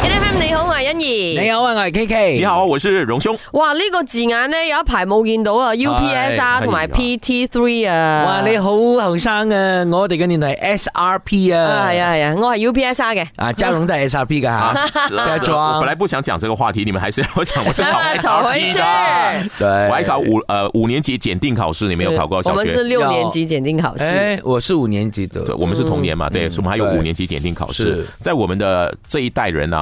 FM 你好，我係欣怡，你好啊 K K，你好，我是榮兄。哇呢個字眼呢有一排冇見到啊，U P S R 同埋 P T three 啊。哇你好後生啊，我哋嘅年代 S R P 啊。係啊係啊，我係 U P S R 嘅。啊張龍都係 S R P 噶吓。我本來不想講這個話題，你們還是要我講，我是考回考回去。對，我係考五，呃五年級檢定考試，你沒有考過小學？我們是六年級檢定考試。誒，我是五年級的。我們是同年嘛，對，我們還有五年級檢定考試。在我們的這一代人呢。